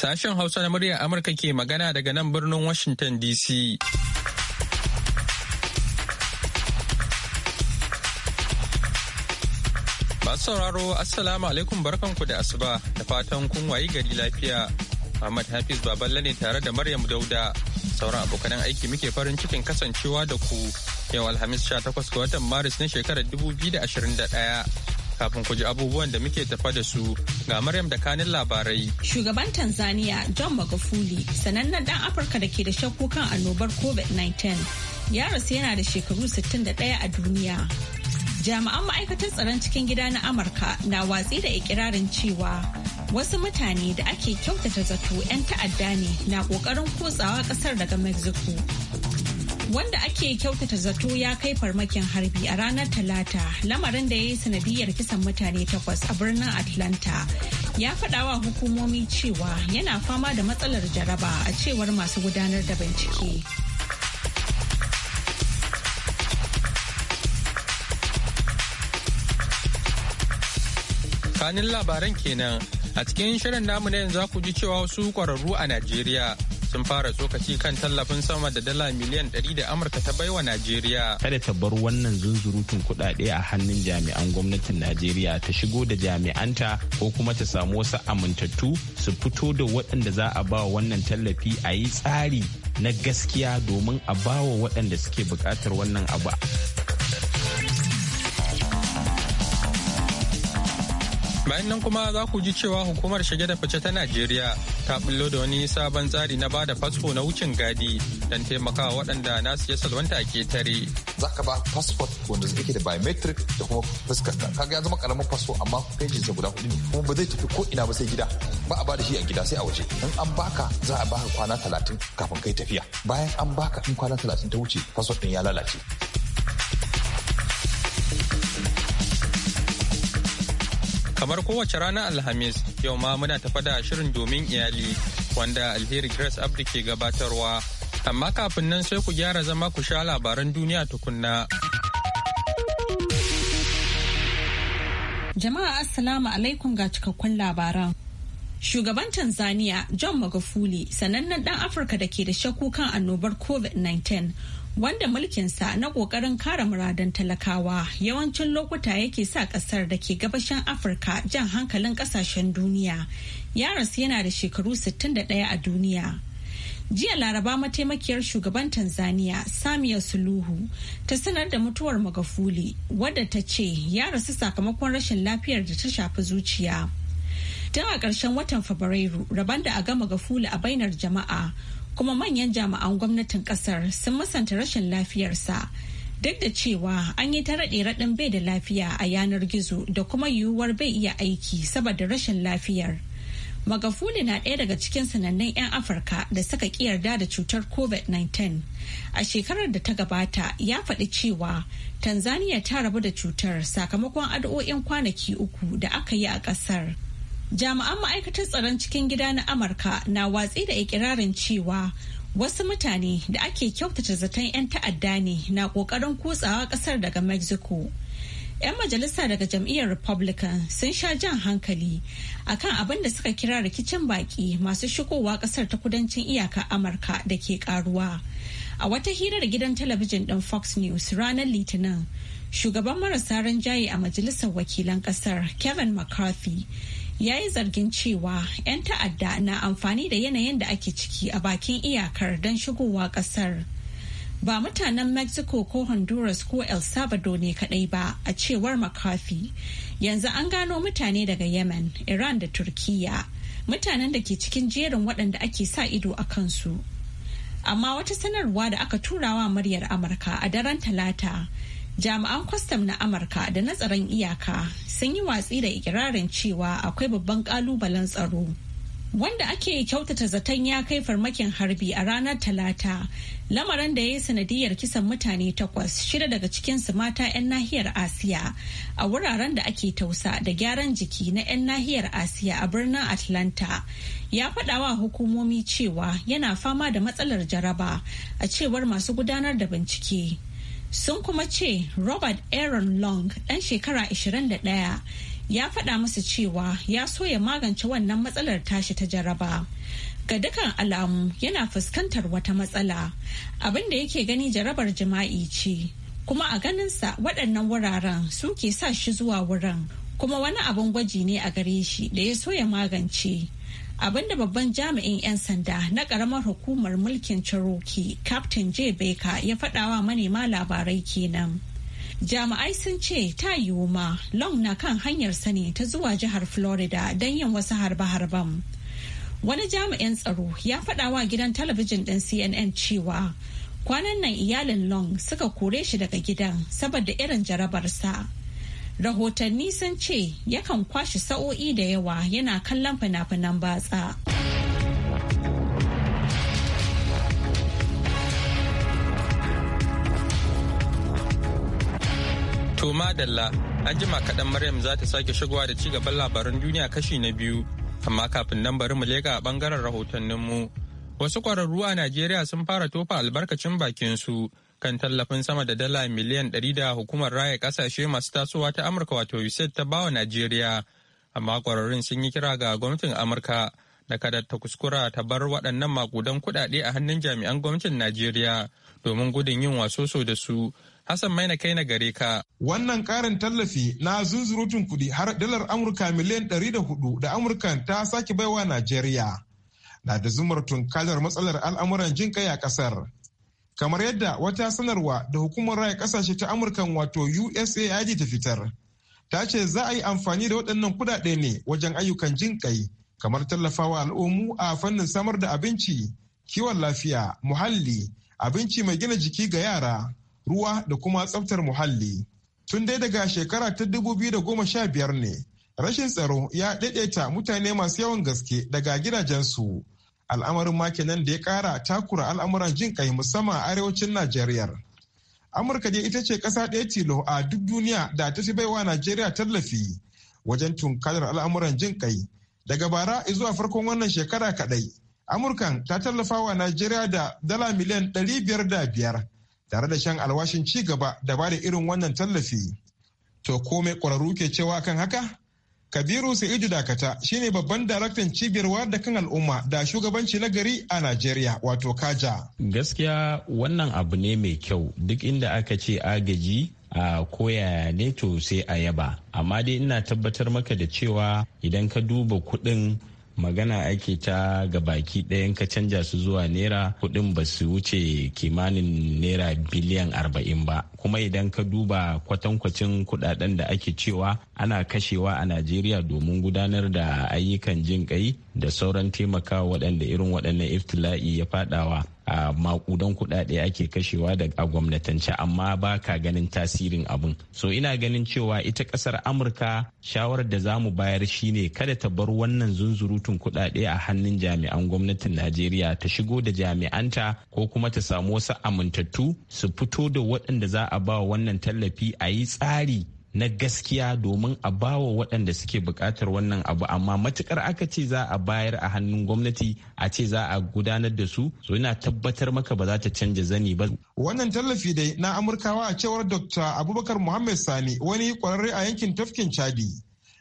Sashen Hausa na muryar Amurka ke magana daga nan birnin Washington DC. Masu sauraro Assalamu alaikum barkanku da asuba da fatan kun wayi gari lafiya. ahmad Hafiz Baballe ne tare da Maryam Dauda. Sauran abokanan aiki muke farin cikin kasancewa da ku yau Alhamis 18 ga watan Maris na shekarar 2021. kafin ku ji abubuwan da muke tafa da su ga Maryam da kanin labarai. Shugaban Tanzania John Magufuli sanannen dan Afirka da ke da shakku kan annobar COVID-19 ya rasu yana da shekaru 61 a duniya. Jami'an ma'aikatar tsaron cikin gida na Amurka na watsi da ikirarin cewa wasu mutane da ake kyautata zato 'yan ta'adda ne na ƙoƙarin kotsawa ƙasar daga Mexico. wanda ake kyautata zato ya kai farmakin harbi a ranar talata lamarin da ya yi sanadiyar kisan mutane takwas a birnin atlanta ya fadawa hukumomi cewa yana fama da matsalar jaraba a cewar masu gudanar da bincike kanin labaran kenan a cikin shirin namu na yanzu ku ji cewa wasu kwararru a najeriya sun fara tsokaci kan tallafin sama da dala miliyan 100 da amurka ta baiwa najeriya kada ta bar wannan zunzurutun kudade a hannun jami'an gwamnatin najeriya ta shigo da jami'anta ko kuma ta samu wasu amintattu su fito da waɗanda za a ba wannan tallafi a yi tsari na gaskiya domin a ba wa waɗanda suke buƙatar wannan abu bayan nan kuma za ku ji cewa hukumar shige da fice ta najeriya ta bullo da wani sabon tsari na bada fasfo na wucin gadi don taimakawa waɗanda nasu ya salwanta a ketare za ka ba fasfot wanda ke da biometric da kuma fuskar ka ya zama karamin fasfo amma kai sa guda hudu ne kuma ba zai tafi ko ina ba sai gida ba a da shi a gida sai a waje in an baka za a baka kwana talatin kafin kai tafiya bayan an baka in kwana talatin ta wuce fasfo din ya lalace Kamar kowace ranar Alhamis, yau ma muna tafa da shirin domin iyali wanda alheri Grace Abdi ke gabatarwa. Amma kafin nan sai ku gyara zama ku sha labaran duniya tukunna. Jama'a Assalamu alaikum ga cikakkun labaran. Shugaban Tanzania John Magufuli sanannen Dan Afirka da ke da shakku kan annobar COVID-19 wanda mulkinsa na ƙoƙarin kare muradan talakawa yawancin lokuta yake sa ƙasar da ke gabashin afirka jan hankalin ƙasashen duniya ya rasu yana da shekaru 61 a duniya jiya laraba mataimakiyar shugaban tanzania samiya suluhu ta sanar da mutuwar magafuli wadda ta ce ya rasu sakamakon rashin lafiyar da ta shafi zuciya tun a ƙarshen watan fabrairu rabon da a gama gafuli a bainar jama'a kuma manyan jami'an gwamnatin kasar sun musanta rashin lafiyarsa duk da cewa an yi ta raɗe raɗin bai da lafiya a yanar gizo da kuma yiwuwar bai iya aiki saboda rashin lafiyar magafuli na ɗaya daga cikin sanannen 'yan afirka da suka yarda da cutar covid-19 a shekarar da ta gabata ya faɗi cewa tanzania ta rabu da cutar sakamakon addu'o'in kwanaki uku da aka yi a ƙasar. Jami'an ma'aikatar tsaron cikin gida na Amurka na watsi da ikirarin cewa wasu mutane da ake kyautata zaton 'yan ta'adda ne na kokarin kutsawa kasar daga Mexico. 'Yan majalisa daga jam'iyyar Republican sun sha jan hankali akan abin da suka kira rikicin baki masu shigowa kasar ta kudancin iyaka Amurka da ke karuwa. A wata hirar gidan talabijin ɗin Fox News ranar Litinin, shugaban marasa rinjaye a majalisar wakilan kasar kevin mccarthy ya yi zargin cewa 'yan ta'adda na amfani da yanayin da ake ciki a bakin iyakar don shigowa kasar ba mutanen mexico ko honduras ko el salvador ne kadai ba a cewar makafi yanzu an gano mutane daga yemen iran da turkiya mutanen da ke cikin jerin waɗanda ake sa ido a kansu amma wata sanarwa da aka turawa muryar amurka a daren talata jami'an kwastam na amurka da na tsaron iyaka sun yi watsi da ikirarin cewa akwai babban kalubalen tsaro wanda ake kyautata zaton ya kai farmakin harbi a ranar talata lamarin da ya yi sanadiyar kisan mutane takwas shida daga cikinsu mata 'yan nahiyar asiya a wuraren da ake tausa da gyaran jiki na 'yan nahiyar asiya a birnin atlanta ya faɗawa hukumomi cewa yana fama da matsalar jaraba a cewar masu gudanar da bincike sun kuma ce robert aaron long ɗan shekara 21 ya faɗa musu cewa ya so ya magance wannan matsalar tashi ta jaraba ga dukan alamu yana fuskantar wata matsala abinda yake gani jarabar jima'i ce kuma a ganinsa waɗannan wuraren suke sa shi zuwa wurin kuma wani abin gwaji ne a gare shi da ya so ya magance abinda babban jami'in 'yan sanda na karamar hukumar mulkin Cherokee Captain J. Baker ya faɗawa manema labarai kenan. Jami'ai sun ce ta yiwu ma Long na kan hanyar sani ta zuwa jihar Florida don yin wasu harbe-harben. Wani jami'in tsaro ya faɗawa gidan talabijin ɗin CNN cewa kwanan nan iyalin Long suka kore shi daga gidan saboda irin jarabarsa. rahotanni sun ce yakan kwashe sa'o'i da yawa yana kallon fina-finan batsa. To madalla an jima kaɗan Maryam za ta sake shigowa da ci gaban labaran duniya kashi na biyu amma kafin nan bari mu lega a ɓangaren rahotanninmu. Wasu ƙwararru a Najeriya sun fara tofa albarkacin bakinsu kan tallafin sama da dala miliyan 100 da hukumar raya kasashe masu tasowa ta Amurka wato USAID ta bawa Najeriya. Amma kwararrun sun yi kira ga gwamnatin Amurka da kada ta kuskura ta bar waɗannan makudan kuɗaɗe a hannun jami'an gwamnatin Najeriya domin gudun yin wasoso da su. Hassan Maina kai na gare ka. Wannan karin tallafi na zunzurutun kuɗi har dalar Amurka miliyan ɗari da hudu da Amurka ta sake baiwa Najeriya. Na da zumar tunkalar matsalar al'amuran jin kai a ƙasar. kamar yadda wata sanarwa da hukumar raya kasashe ta amurkan wato usaid ta fitar ta ce za a yi amfani da waɗannan kuɗaɗe ne wajen ayyukan jin kai kamar tallafawa al'ummu a fannin samar da abinci kiwon lafiya muhalli abinci mai gina jiki ga yara ruwa da kuma tsaftar muhalli tun dai daga shekara ta da goma sha biyar ne rashin tsaro ya daidaita mutane masu yawan gaske daga gidajensu al'amarin ma kenan da ya kara takura al'amuran jin kai musamman a arewacin najeriya amurka dai ita ce kasa ɗaya tilo a duk duniya da ta fi baiwa najeriya tallafi wajen tunkarar al'amuran jin kai daga bara zuwa farkon wannan shekara kaɗai amurkan ta tallafa wa najeriya da dala miliyan ɗari biyar da biyar tare da shan alwashin ci gaba da ba da irin wannan tallafi to ko mai ƙwararru ke cewa kan haka Kabiru Sa'idu Dakata shine babban daraktan cibiyar wayar da kan al'umma da shugabanci na gari a Najeriya wato Kaja. Gaskiya wannan abu ne mai kyau duk inda aka ce agaji a koya ne to sai a yaba amma dai ina tabbatar maka da cewa idan ka duba kuɗin magana ake ta ga baki ɗayan ka canja su zuwa naira kuɗin ba su wuce kimanin naira biliyan arba'in ba kuma idan ka duba kwatankwacin kuɗaɗen da ake cewa ana kashewa a najeriya domin gudanar da ayyukan jin ƙai da sauran taimakawa waɗanda irin waɗannan iftila'i ya faɗawa a makudan kudade ake kashewa da a gwamnatance amma ba ka ganin tasirin abun so ina ganin cewa ita kasar amurka shawarar da za mu bayar shine kada ta bar wannan zunzurutun kudade a hannun jami'an gwamnatin najeriya ta shigo da jami'anta ko kuma ta samu wasu amintattu su fito da waɗanda za a ba wannan tallafi a yi tsari na gaskiya domin a bawa waɗanda suke buƙatar wannan abu amma matukar aka ce za a bayar a hannun gwamnati a ce za a gudanar da su so yana tabbatar maka ba za ta canja zani ba. Wannan tallafi dai na Amurkawa a cewar Dr. Abubakar Muhammad Sani wani kwararre a yankin tafkin Chadi.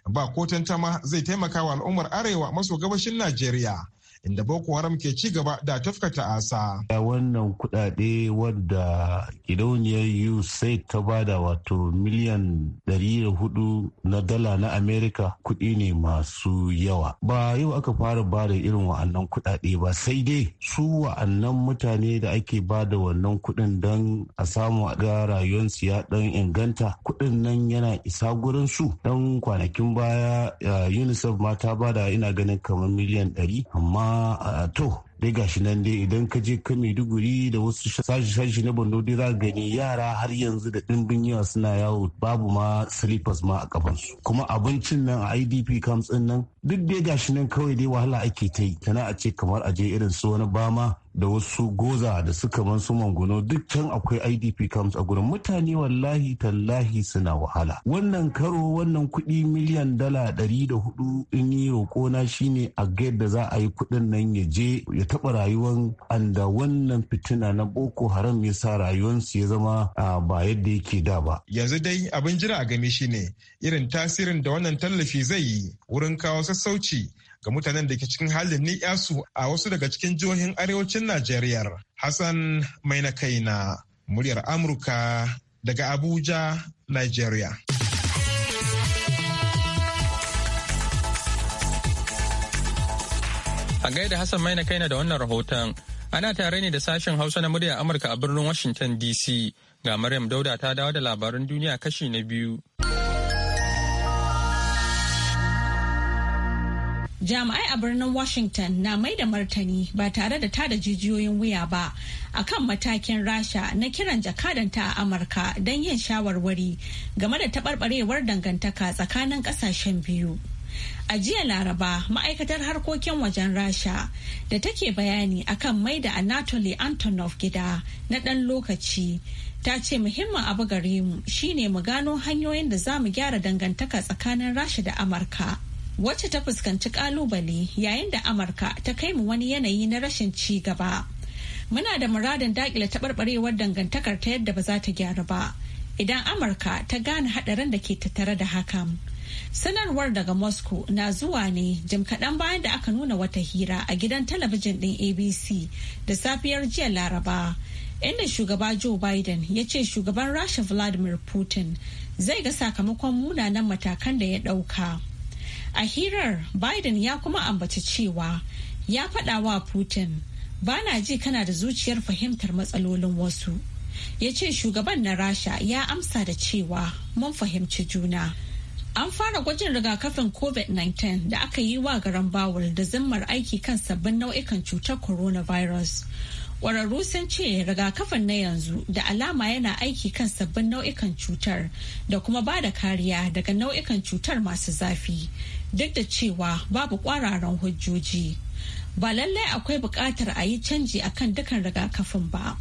Ba ko tantama zai taimaka wa al'ummar Arewa maso gabashin Najeriya inda Boko Haram ke ci gaba da tafka ta'asa. Wannan kudade wadda gidauniyar USAID ta bada wato miliyan 400 na dala na Amerika kudi ne masu yawa. Ba yau aka fara bada irin wa'annan kudade ba sai dai su wa'annan mutane da ake bada wannan kudin don a samu a ga rayuwarsu ya ɗan inganta kudin nan yana isa gurin su don kwanakin baya eh, UNICEF ma ta bada ina ganin kamar miliyan 100 amma a to dai gashi nan dai idan ka je ka maiduguri da wasu sashi na bando dai za gani yara har yanzu da ɗimbin yawa suna yawo babu ma slippers ma a kafansu kuma abincin nan a idp camps nan duk dai gashi nan kawai dai wahala ake ta yi tana a ce kamar a je irin su wani bama da wasu goza da suka man su mangono duk can akwai idp camps a gurin mutane wallahi tallahi suna wahala wannan karo wannan kuɗi miliyan dala ɗari da hudu in yi roƙo na shine a gaid da za a yi kuɗin nan ya je ya taɓa rayuwar anda wannan fitina na boko haram ya sa rayuwarsu ya zama ba yadda yake da ba yanzu dai abin jira a game shine irin tasirin da wannan tallafi zai yi wurin kawo sassauci ga mutanen da ke cikin halin ni'yasu a wasu daga cikin jihohin arewacin Najeriya. Hassan mai na muryar Amurka daga Abuja, Najeriya. A gaida Hassan mai na kaina da wannan rahoton ana tare ne da sashen Hausa na muryar Amurka a birnin Washington DC ga Maryam Dauda ta dawo da labaran duniya kashi na biyu. jami'ai a birnin washington na mai da martani ba tare da tada jijiyoyin wuya ba akan matakin rasha na kiran jakadanta a amurka don yin shawarwari game da taɓarɓarewar dangantaka tsakanin ƙasashen biyu a jiya laraba ma'aikatar harkokin wajen rasha da take bayani akan mai da anatoly antonov gida na ɗan lokaci ta ce muhimmin abu gare mu shine mu gano hanyoyin da za mu gyara dangantaka tsakanin rasha da amurka wacce ta fuskanci kalubale yayin da amurka ta kai mu wani yanayi na rashin ci gaba muna da muradin dakile taɓarɓarewar dangantakar ta yadda ba za ta gyaru ba idan amurka ta gane haɗarin da ke tattare da hakan sanarwar daga moscow na zuwa ne jim kaɗan bayan da aka nuna wata hira a gidan talabijin ɗin abc da safiyar jiya laraba inda shugaba joe biden ya ce shugaban rasha vladimir putin zai ga sakamakon munanan matakan da ya ɗauka. A hirar Biden ya kuma ambaci cewa ya faɗa wa Putin ba na ji kana da zuciyar fahimtar matsalolin wasu. Ya ce shugaban na Rasha ya amsa da cewa mun fahimci juna. An fara gwajin rigakafin COVID-19 da aka yi wa garan bawul da zimmar aiki kan sabbin nau'ikan cutar coronavirus. Ƙwararru sun ce rigakafin na yanzu da alama yana aiki kan sabbin nau'ikan cutar da kuma ba da kariya daga nau'ikan cutar masu zafi. duk da cewa babu kwararan hujjoji ba lallai akwai bukatar a yi canji akan dukan rigakafin ba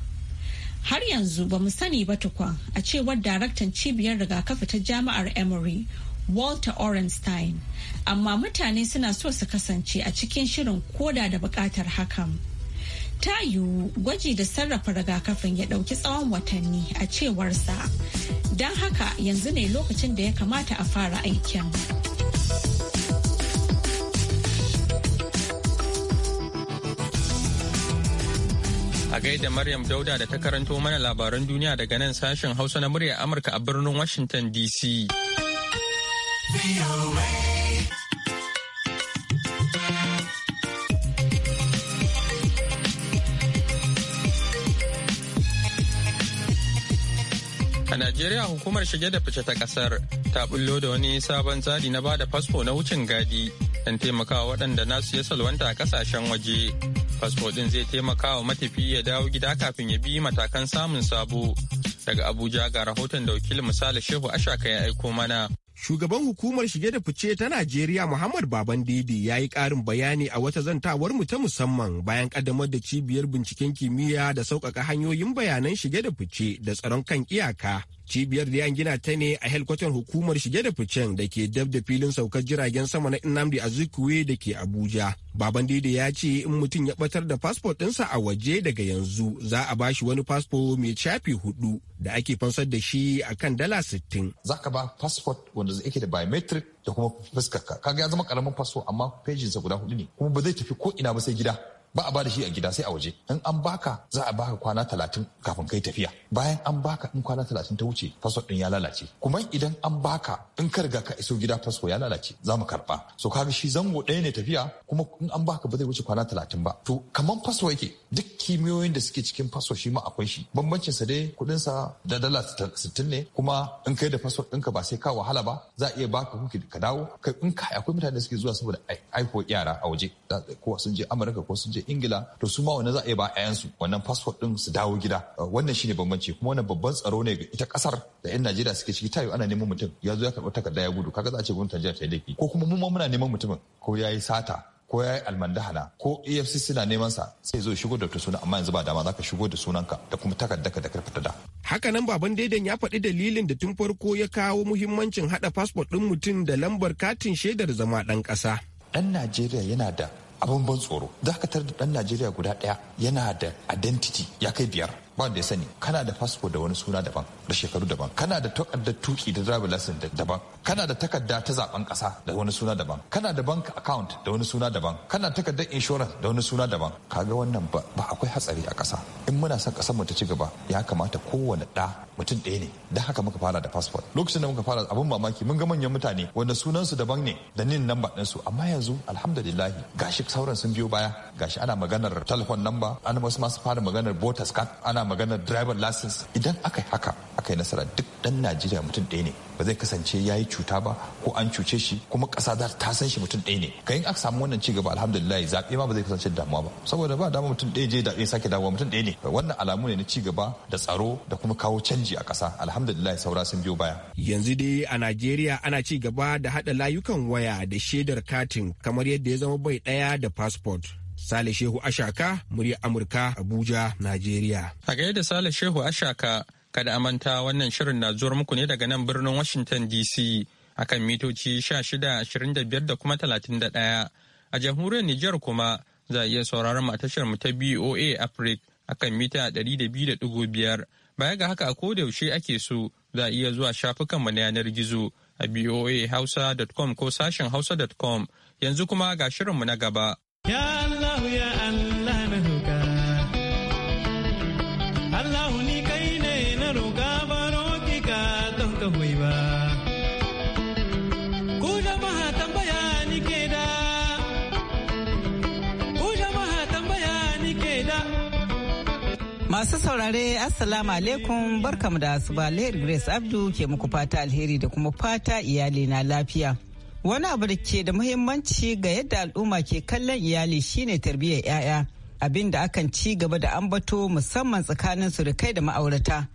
har yanzu ba mu sani ba tukwan a cewar daraktan cibiyar rigakafi ta jami'ar emory walter orenstein amma mutane suna so su kasance a cikin shirin koda da buƙatar hakan ta yiwu gwaji da sarrafa rigakafin ya ɗauki tsawon watanni a cewarsa don haka yanzu ne lokacin da ya kamata a fara aikin. A gaida Maryam Dauda da ta karanto mana labaran duniya daga nan sashen Hausa na muryar Amurka a birnin Washington DC. Najeriya hukumar shige da fice ta kasar ta bullo da wani sabon tsari na bada fasfo na wucin gadi don taimakawa waɗanda na ya salwanta a kasashen waje. Fasfo ɗin zai taimakawa matafi ya dawo gida kafin ya bi matakan samun sabo. Daga Abuja ga rahoton da wakilin misali Shehu Ashaka ya aiko mana. Shugaban hukumar shige da fice ta Najeriya Muhammad Baban Didi ya yi ƙarin bayani a wata zantawar mu ta musamman bayan ƙaddamar da cibiyar binciken kimiyya da sauƙaƙa hanyoyin bayanan shige da fice da tsaron kan iyaka cibiyar da gina ta ne a helkwatar hukumar shige da ficen da ke dab da filin saukar jiragen sama na nnamdi azikiwe da ke abuja baban daidai ya ce in mutum ya batar da fasfo ɗinsa a waje daga yanzu za a bashi wani fasfo mai shafi hudu da ake fansar da shi a kan dala sittin. za ka ba fasfo wanda ke da biometric da kuma fuskar ka ya zama karamin fasfo amma fejinsa guda hudu ne kuma ba zai tafi ko ina ba sai gida ba a bada shi a gida sai a waje in an baka za a baka kwana talatin kafin kai tafiya bayan an baka in kwana talatin ta wuce fasfo din ya lalace kuma idan an baka in ka riga ka iso gida fasfo ya lalace za mu karba so kaga shi zango ɗaya ne tafiya kuma in an baka ba zai wuce kwana talatin ba to kamar fasfo yake duk kimiyoyin da suke cikin fasfo shi ma akwai shi bambancin sa dai kuɗin sa da dala sittin ne kuma in kai da fasfo ɗinka ba sai ka wahala ba za a iya baka kuki ka dawo kai in ka akwai mutane da suke zuwa saboda aiko yara a waje ko sun je Amurka ko sun je ingila to su ma wani za a yi ba ayansu wannan fasfot din su dawo gida uh, wannan shine bambanci kuma wannan babban tsaro ne ga ita kasar da yan najeriya suke ciki tayo ana neman mutum ya zo ya karɓi takarda ya gudu kaga za a ce gwamnatin jihar ta yi laifi ko kuma mu ma muna neman mutumin ko ya yi sata ko ya yi almandahana ko efcc na neman sa sai zo shigo da ta suna amma yanzu ba dama za ka shigo da sunanka da kuma ka da karfata da hakanan baban daidan ya faɗi dalilin da tun farko ya kawo muhimmancin haɗa fasfot ɗin mutum da lambar katin shaidar zama ɗan ƙasa ɗan najeriya yana da abin ban tsoro za ka tarda da ɗan najeriya guda ɗaya yana da identity ya kai biyar ba da ya sani kana da fasfo da wani suna daban da shekaru daban kana da takardar tuki da driver license daban kana da takarda ta zaben kasa da wani suna daban kana da bank account da wani suna daban kana takardar insurance da wani suna daban kaga wannan ba akwai hatsari a kasa in muna son kasar mu ta ci gaba ya kamata kowane da mutum ɗaya ne da haka muka fara da fasfo lokacin da muka fara abin mamaki mun ga manyan mutane wanda su daban ne da nin namba su amma yanzu alhamdulillah gashi sauran sun biyo baya gashi ana maganar telefon number ana wasu masu fara maganar voters card ana maganar driver license idan aka yi haka aka yi nasara duk dan najeriya mutum ɗaya ne ba zai kasance ya yi cuta ba ko an cuce shi kuma ƙasa za ta san shi mutum ɗaya ne ka yi aka samu wannan ci gaba alhamdulillah zaɓe ma ba zai kasance damuwa ba saboda ba dama mutum ɗaya je zaɓe sake dawowa mutum ɗaya ne wannan alamu ne na cigaba da tsaro da kuma kawo canji a ƙasa alhamdulillah saura sun biyo baya yanzu dai a najeriya ana cigaba da haɗa layukan waya da shaidar katin kamar yadda ya zama bai ɗaya da fasfot Sale Shehu Ashaka, murya Amurka, Abuja, Najeriya. A gaida Sale Shehu Ashaka, kada a manta wannan shirin na zuwar muku ne daga nan birnin Washington DC akan mitoci 1625 da kuma 31. A jamhuriyar Nijar kuma za a iya sauraron mu a tashar mu ta BOA Africa akan mita 200.5. Baya ga haka a koda yaushe ake so za a iya zuwa shafukan mu na yanar gizo a boahausa.com ko sashen hausa.com yanzu kuma ga shirinmu na gaba. Ya Allah ya Allah na roƙa. Allah ni kai ne na roƙa baro ki ka don da. Ku Masu saurare Assalamu alaikum barkamu da asuba Lahir Grace Abdu ke muku fata alheri da kuma fata iyali na lafiya. Wani abu da ke da muhimmanci ga yadda al'umma ke kallon iyali shine tarbiyyar 'ya'ya abin da akan ci gaba da ambato musamman tsakanin surukai da ma'aurata.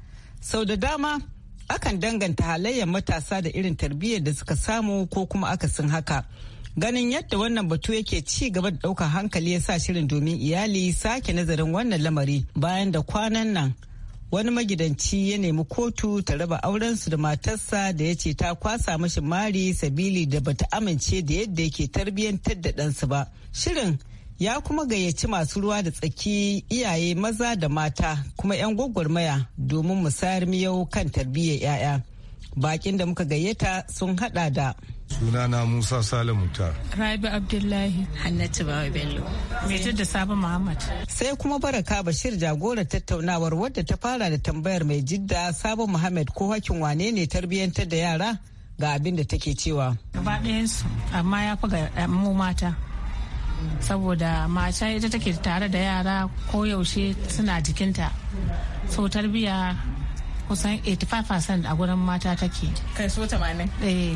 Sau da dama akan danganta halayyar matasa da irin tarbiyyar da suka samu ko kuma aka akasin haka. Ganin yadda wannan batu yake ci gaba da ɗaukar hankali ya sa shirin domin iyali sake nazarin wannan lamari bayan da kwanan nan. wani magidanci ya nemi kotu ta raba aurensu da matarsa da ya ce ta kwasa mashi mari sabili da bata amince da yadda yake tarbiyyantar da ɗansu ba shirin ya kuma gayyaci masu ruwa da tsaki iyaye maza da mata kuma 'yan gwagwarmaya domin mu sayar miyau kan tarbiyyar 'ya'ya Bakin da muka gayyata sun hada da Sunana Musa Sale ta. Rabi Abdullahi. Hannatu Bawa Bello. Mai da sabon Muhammad. Sai kuma Baraka Bashir jagorar tattaunawar wadda ta fara da tambayar mai jidda sabon Muhammad ko hakin wane ne tarbiyyantar da yara ga abin da take cewa. Gaba dayansu amma ya fi ga eh, mu mata. Saboda mata ita take tare da yara ko yaushe suna jikinta. So tarbiya kusan 85% a gurin mata take kai so 80 eh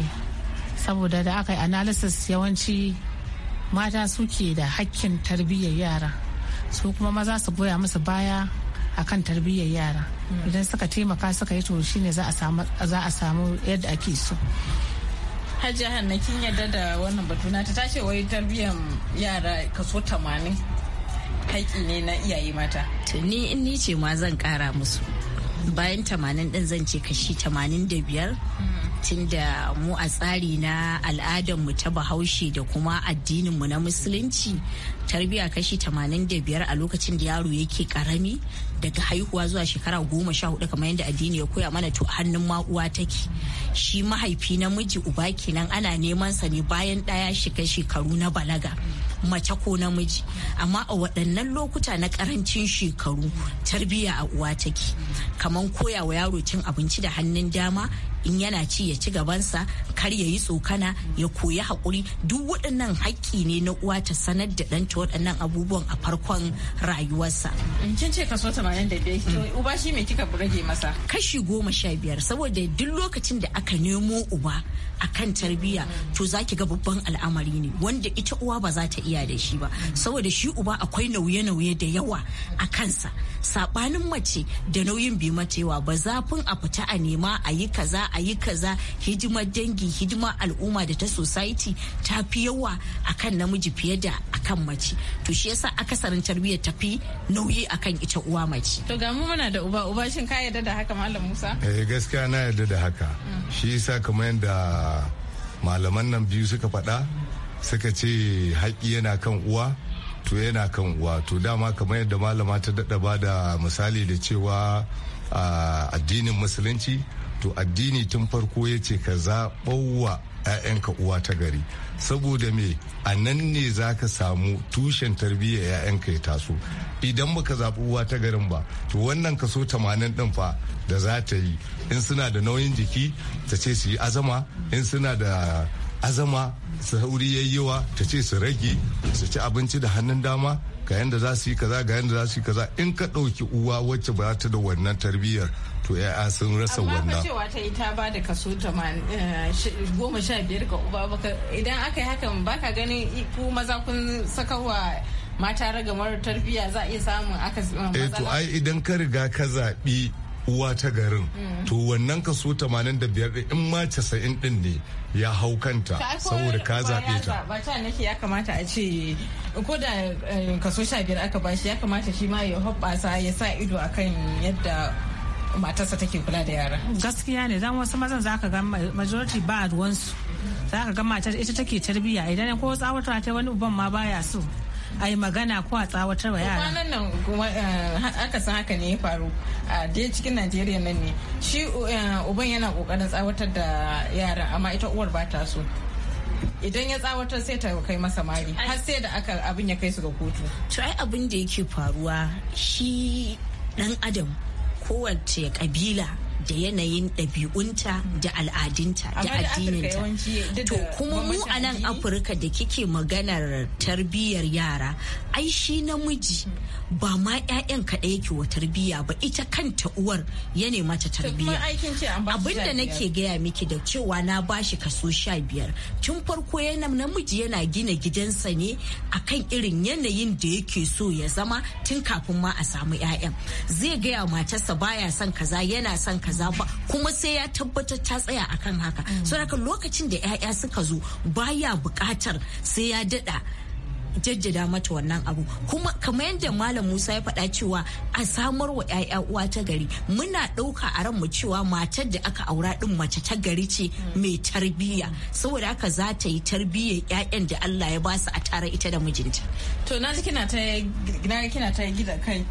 saboda da aka yi analysis yawanci mata suke da hakkin tarbiyyar yara su kuma maza su goya musu baya akan tarbiyyar yara hmm. idan suka taimaka suka yi to shine za a samu yadda ake so hajiya hanna kin yadda da wannan batu na ta ce wai tarbiyyar yara kaso tamanin haƙi ne na iyaye mata Tuni in ni ce ma zan ƙara musu bayan tamanin din zan ce kashi tamanin da biyar tunda mu a tsari na al'adarmu ta bahaushe da kuma addininmu na musulunci tarbiya kashi tamanin da biyar a lokacin da yaro yake karami daga haihuwa zuwa shekara goma sha hudu kamar yadda addini ya koya mana to hannun ma'uwa take shi mahaifi namiji uba kenan ana neman sa ne bayan daya shiga shekaru na balaga mace ko namiji amma a waɗannan lokuta na ƙarancin shekaru tarbiyya a uwa take kaman koyawa yaro cin abinci da hannun dama in yana ci ya ci gabansa kar ya yi tsokana ya koyi haƙuri duk waɗannan haƙƙi ne na uwa ta sanar da ɗanta waɗannan abubuwan a farkon rayuwarsa. kin ce kaso tamanin da biyar uba shi me kika rage masa. kashi goma sha biyar saboda duk lokacin da aka nemo uba a kan tarbiyya to za ki ga babban al'amari ne wanda ita uwa ba za ta iya da shi ba saboda shi uba akwai nauye-nauye da yawa a kansa saɓanin mace da nauyin bi mata yawa ba zafin a fita a nema a yi kaza a yi kaza hidimar dangi hidimar al'umma da ta society ta fi yawa a kan namiji fiye da a kan mace to shi yasa akasarin tarbiyyar ta fi nauyi a kan ita uwa mace to ga mu muna da uba uba shin ka yarda da haka malam Musa eh gaskiya na yarda da haka mm. shi yasa kamar yadda malaman nan biyu suka faɗa suka ce haƙi yana kan uwa to yana kan uwa to dama kamar yadda malama ta daɗa ba da misali da cewa ah, addinin musulunci to addini tun farko ya ce ka zaɓowa 'ya'yanka uwa ta gari saboda me a nan ne za ka samu tushen tarbiyyar 'ya'yanka ya taso idan baka zaɓi uwa ta garin ba to wannan kaso tamanin ɗin fa da za ta yi in suna da nauyin jiki ta ce su yi azama in suna da azama su hauri yayyewa ta ce su rage su ci abinci da hannun dama ga yadda za su yi kaza ga yadda za su yi kaza in ka ɗauki uwa wacce ba ta da wannan tarbiyyar to ya'ya sun rasa wannan amma ta yi ta ba da kaso eh, goma sha biyar ga uba idan aka yi hakan baka ganin ku maza kun saka wa mata ragamar tarbiyya za a iya samun aka eh, matsala eh, to ai idan ka riga ka zaɓi uwa ta garin mm. to wannan kaso 85 in ma 90 din ne ya hau kanta saboda ka zaɓe ta ba ta nake ya kamata a ce ko da kaso 15 aka bashi ya kamata shi ma ya hoɓɓasa ya sa ido akan yadda matarsa take kula da yara gaskiya ne dan wasu mazan zaka ga majority ba ruwansu zaka ga matar ita take tarbiyya idan ko tsawatar ta wani uban ma baya so a yi magana ko a tsawatar wa yara. Kwanan nan kuma eh, aka san haka ne ya faru a dai cikin Najeriya nan ne. Shi eh, uban yana kokarin tsawatar da yara amma ita uwar ba ta so. Idan ya tsawatar sai ta kai masa mari har sai da aka abin ya kai su ga kotu. To ai abin da yake faruwa shi dan adam kowace kabila da yanayin ɗabi'unta da al'adunta da addininta to kuma mu a nan afirka da kike maganar tarbiyyar yara ai shi namiji ba ma 'ya'yan kaɗai yake wa tarbiyya ba ita kanta uwar ya nema ta tarbiyya abinda nake gaya miki da cewa na bashi kaso sha biyar tun farko yana namiji yana gina gidansa ne akan irin yanayin da yake so ya zama tun kafin ma a samu 'ya'yan zai gaya matarsa baya son kaza yana son kaza kaza ba kuma sai ya tabbatar ta tsaya akan haka saboda lokacin da 'ya'ya suka zo baya bukatar sai ya dada jajjada mata wannan abu kuma kamar yadda malam musa ya faɗa cewa a samar wa 'ya'ya uwa ta gari muna ɗauka a ranmu cewa matar da aka aura ɗin mace ta gari ce mai tarbiyya saboda haka za ta yi tarbiyya 'ya'yan da allah ya basu a tare ita da mijinta to na ji kina ta yi gida kai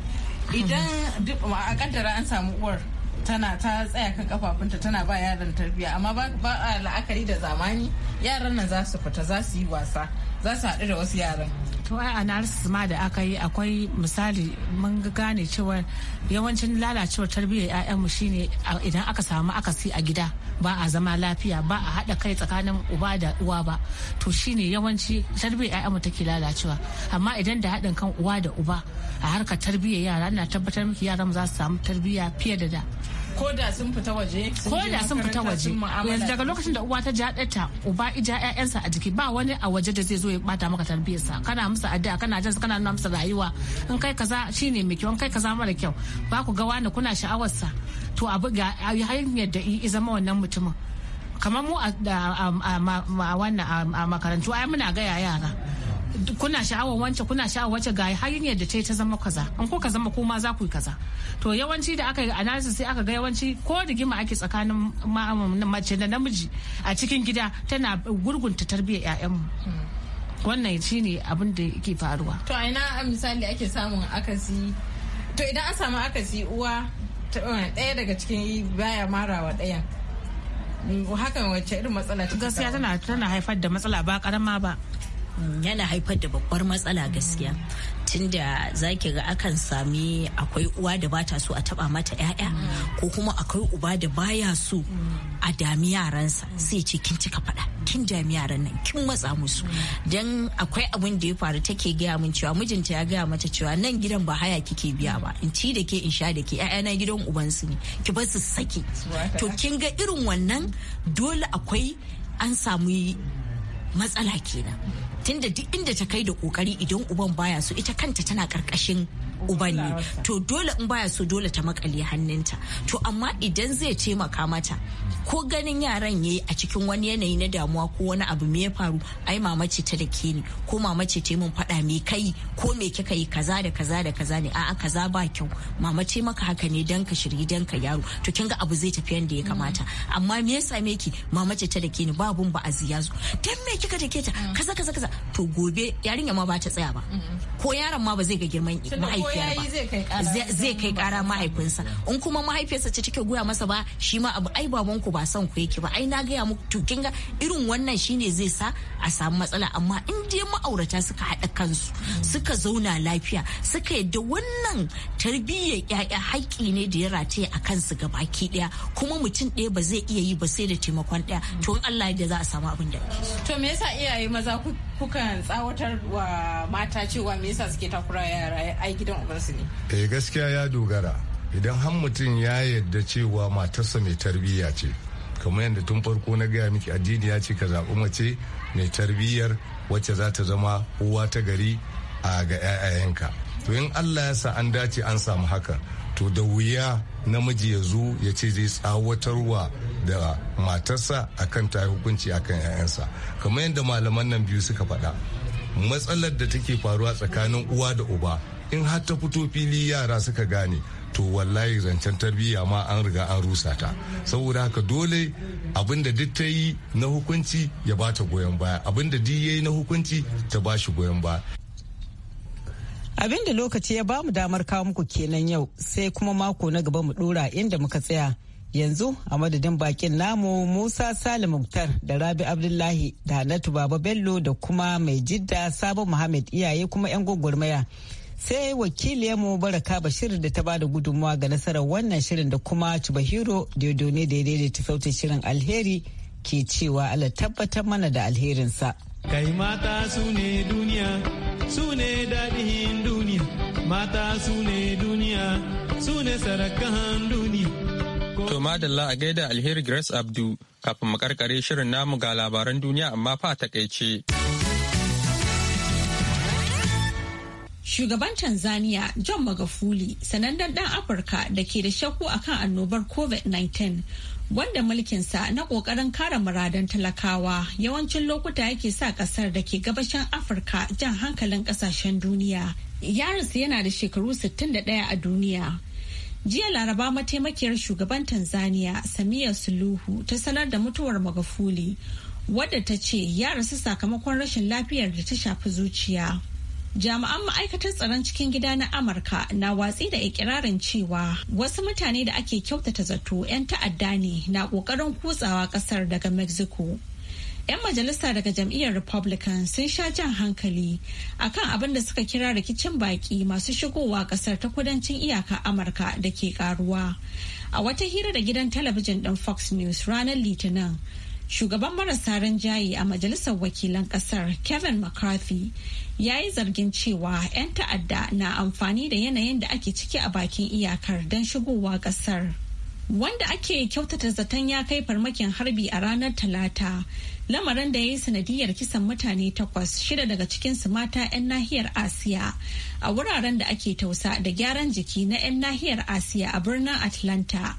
idan a kaddara an samu uwar tana ta tsaya kan kafafunta tana ba yaran tarbiyya amma ba a la'akari da zamani yaran nan za su fita za su yi wasa za su haɗu da wasu yaran to ai analysis ma da aka yi akwai misali mun gane cewa yawancin lalacewar tarbiyyar 'ya'yanmu shine idan aka samu akasi a gida ba a zama lafiya ba a haɗa kai tsakanin uba da uwa ba to shine yawanci tarbiyyar 'ya'yanmu take lalacewa amma idan da haɗin kan uwa da uba a harkar tarbiyyar yara na tabbatar miki yaran za su samu tarbiyya fiye da da ko da sun fita waje ko da sun fita waje daga lokacin da uwa ta ja ɗata uba ija ƴaƴansa a jiki ba wani a waje da zai zo ya bata maka tarbiyarsa kana musu addu'a kana jin kana nuna musu rayuwa in kai kaza shine mai kyau in kai kaza mara kyau ba ku ga wani kuna sha'awarsa to abu ga hanyar da i zama wannan mutumin kamar mu a wannan a makarantu ai muna gaya yara kuna sha'awar wance kuna sha'awar wace ga hanyar da ta ta zama kaza an ko ka zama kuma za ku yi kaza to yawanci da aka yi analysis sai aka ga yawanci ko rigima ake tsakanin mace da namiji a cikin gida tana gurgunta tarbiyyar ƴaƴanmu wannan shi ne abin da ke faruwa to a ina misali ake samun akasi to idan an samu akasi uwa eh, ɗaya daga cikin baya marawa ɗayan hakan wacce irin matsala ta gaskiya tana haifar da matsala ba karama ba yana haifar da babbar matsala gaskiya tunda za ki ga akan sami akwai uwa da bata so a taba mata 'ya'ya ko kuma akwai uba da baya so a dami yaransa sai ce kin cika fada kin dami yaran nan kin matsa musu dan akwai abin da ya faru take gaya min cewa mijinta ya gaya mata cewa nan gidan ba haya kike biya ba in ci da ke in sha da ke 'ya'yana gidan ubansu ne ki bar su saki to kin ga irin wannan dole akwai an samu matsala kenan tunda duk inda ta kai da kokari idan uban baya so ita kanta tana karkashin uban ne to dole in baya so dole ta makale hannunta to amma idan zai taimaka mata ko ganin yaran yayi a cikin wani yanayi na damuwa ko wani abu me ya faru ai mama ta da ke ni ko mama ta mun faɗa me kai ko me kika yi kaza da kaza da kaza ne a'a kaza ba kyau mama ce maka haka ne dan ka shirye dan ka yaro to kin ga abu zai tafi yanda ya kamata amma me ya same ki mama ta da ke ni abun ba aziya zo dan me kika take ta mm. kaza kaza kaza to gobe yarinya ma ba ta tsaya ba ko yaron ma ba zai ga girman mahaifi ba zai kai kara mahaifinsa in kuma mahaifinsa ce take goya masa ba shi ma abu ai baban ku ba son ku yake ba ai na gaya muku to kin irin wannan shine zai sa a samu matsala amma in dai ma'aurata suka haɗa kansu suka zauna lafiya suka yadda wannan tarbiyyar ƴaƴa haƙƙi ne da ya rataye a kansu gabaki ɗaya kuma mutum ɗaya ba zai iya yi ba sai da taimakon ɗaya to in Allah ya za a samu abin da to me yasa iyaye maza kukan tsawatar wa mata cewa me yasa suke takura yara ai gidan ne eh gaskiya ya dogara idan har mutum ya yarda cewa matarsa mai tarbiyya ce kamar yadda tun farko na gaya miki addini ya ce ka zaɓi mace mai tarbiyyar wacce za ta zama uwa ta gari a ga 'ya'yayenka to in allah ya sa an dace an samu haka to da wuya namiji ya zo ya ce zai tsawatarwa da matarsa akan ta hukunci akan 'ya'yansa kamar yadda malaman nan biyu suka faɗa matsalar da take faruwa tsakanin uwa da uba in har ta fito fili yara suka gane to wallahi zancen tarbiyya ma an riga an rusa ta saboda haka dole abinda duk ta yi na hukunci ya ba ta goyon baya abinda duk ya yi na hukunci ta ba shi goyon baya abin da lokaci ya ba mu damar kawo muku kenan yau sai kuma mako na gaba mu dora inda muka tsaya yanzu a madadin bakin namu musa salim muktar da rabi abdullahi da hannatu baba bello da kuma mai jidda sabon muhammad iyaye kuma yan gwagwarmaya sai wakili wakiliyarmu baraka ba shirin da ta bada gudunmawa ga nasarar wannan shirin da kuma cibahiro ne da ya daidaita sautin shirin alheri ke cewa ala tabbatar mana da alherinsa kai mata su ne duniya su ne daɗin duniya mata su ne duniya su ne sarakan duniya to madalla a gaida alheri grace abdu kafin mu karkare shirin namu ga labaran duniya amma fa takaice. Shugaban Tanzania John Magafuli sanannen ɗan Afirka da ke da shakku akan annobar COVID-19 wanda mulkinsa na ƙoƙarin kare muradan talakawa yawancin lokuta yake sa ƙasar da ke gabashin Afirka jan hankalin ƙasashen duniya. Yarinsa yana da shekaru 61 a duniya. Jiya Laraba mataimakiyar shugaban Tanzania Samiya Suluhu ta sanar da mutuwar Magafuli wadda ta ce ya rasu sakamakon rashin lafiyar da ta shafi zuciya. jami'an ma'aikatar tsaron cikin gida na amurka na watsi da ikirarin cewa wasu mutane da ake kyautata zato 'yan ta'adda ne na kokarin kutsawa kasar daga mexico 'yan majalisa daga jam'iyyar republican sun sha jan hankali akan abin da suka kira rikicin baki masu shigowa kasar ta kudancin iyaka amurka da ke karuwa a wata hira da gidan talabijin ɗin fox news ranar litinin shugaban marasa ranjaye a majalisar wakilan kasar kevin mccarthy ya yi zargin cewa 'yan ta'adda na amfani da yanayin da ake ciki a bakin iyakar don shigowa kasar wanda ake kyautata zaton ya kai farmakin harbi a ranar talata lamarin da ya yi sanadiyar kisan mutane takwas shida daga cikin su mata 'yan nahiyar asiya a wuraren da ake tausa da gyaran jiki na 'yan nahiyar asiya a birnin atlanta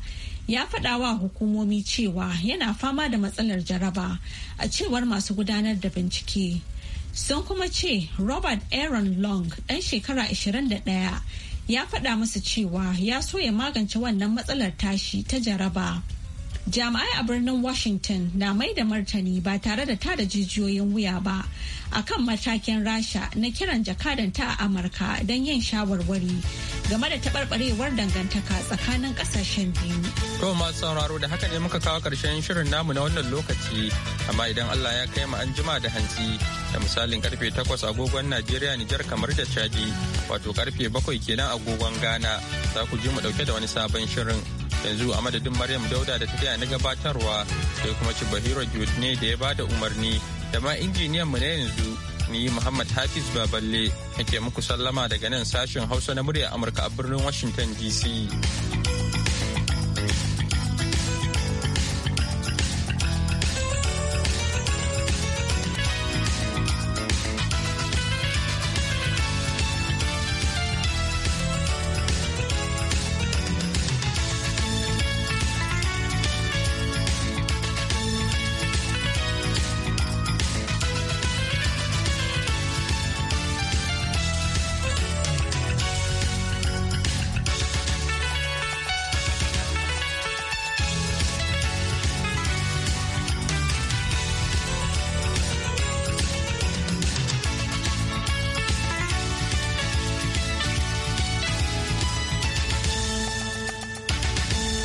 ya faɗa wa hukumomi cewa yana fama da matsalar jaraba a cewar masu gudanar da bincike sun kuma ce robert aaron long ɗan shekara 21 ya faɗa musu cewa ya so ya magance wannan matsalar tashi ta jaraba jami'ai a birnin washington na mai da martani ba tare da tada jijiyoyin wuya ba akan matakin rasha na kiran jakadanta a amurka don yin shawarwari game da taɓarɓarewar dangantaka tsakanin kasashen biyu to masu sauraro da haka ne muka kawo ƙarshen shirin namu na wannan lokaci amma idan allah ya kai mu an jima da hanci da misalin karfe 8 agogon najeriya nijar kamar da chadi wato karfe 7 kenan agogon ghana za ku ji mu dauke da wani sabon shirin yanzu a madadin maryam dauda da ta taya na gabatarwa sai kuma ci bahiro ne da ya ba da umarni da ma injiniyan mu na yanzu ni muhammad hafiz baballe ake muku sallama daga nan sashen hausa na murya amurka a birnin washington dc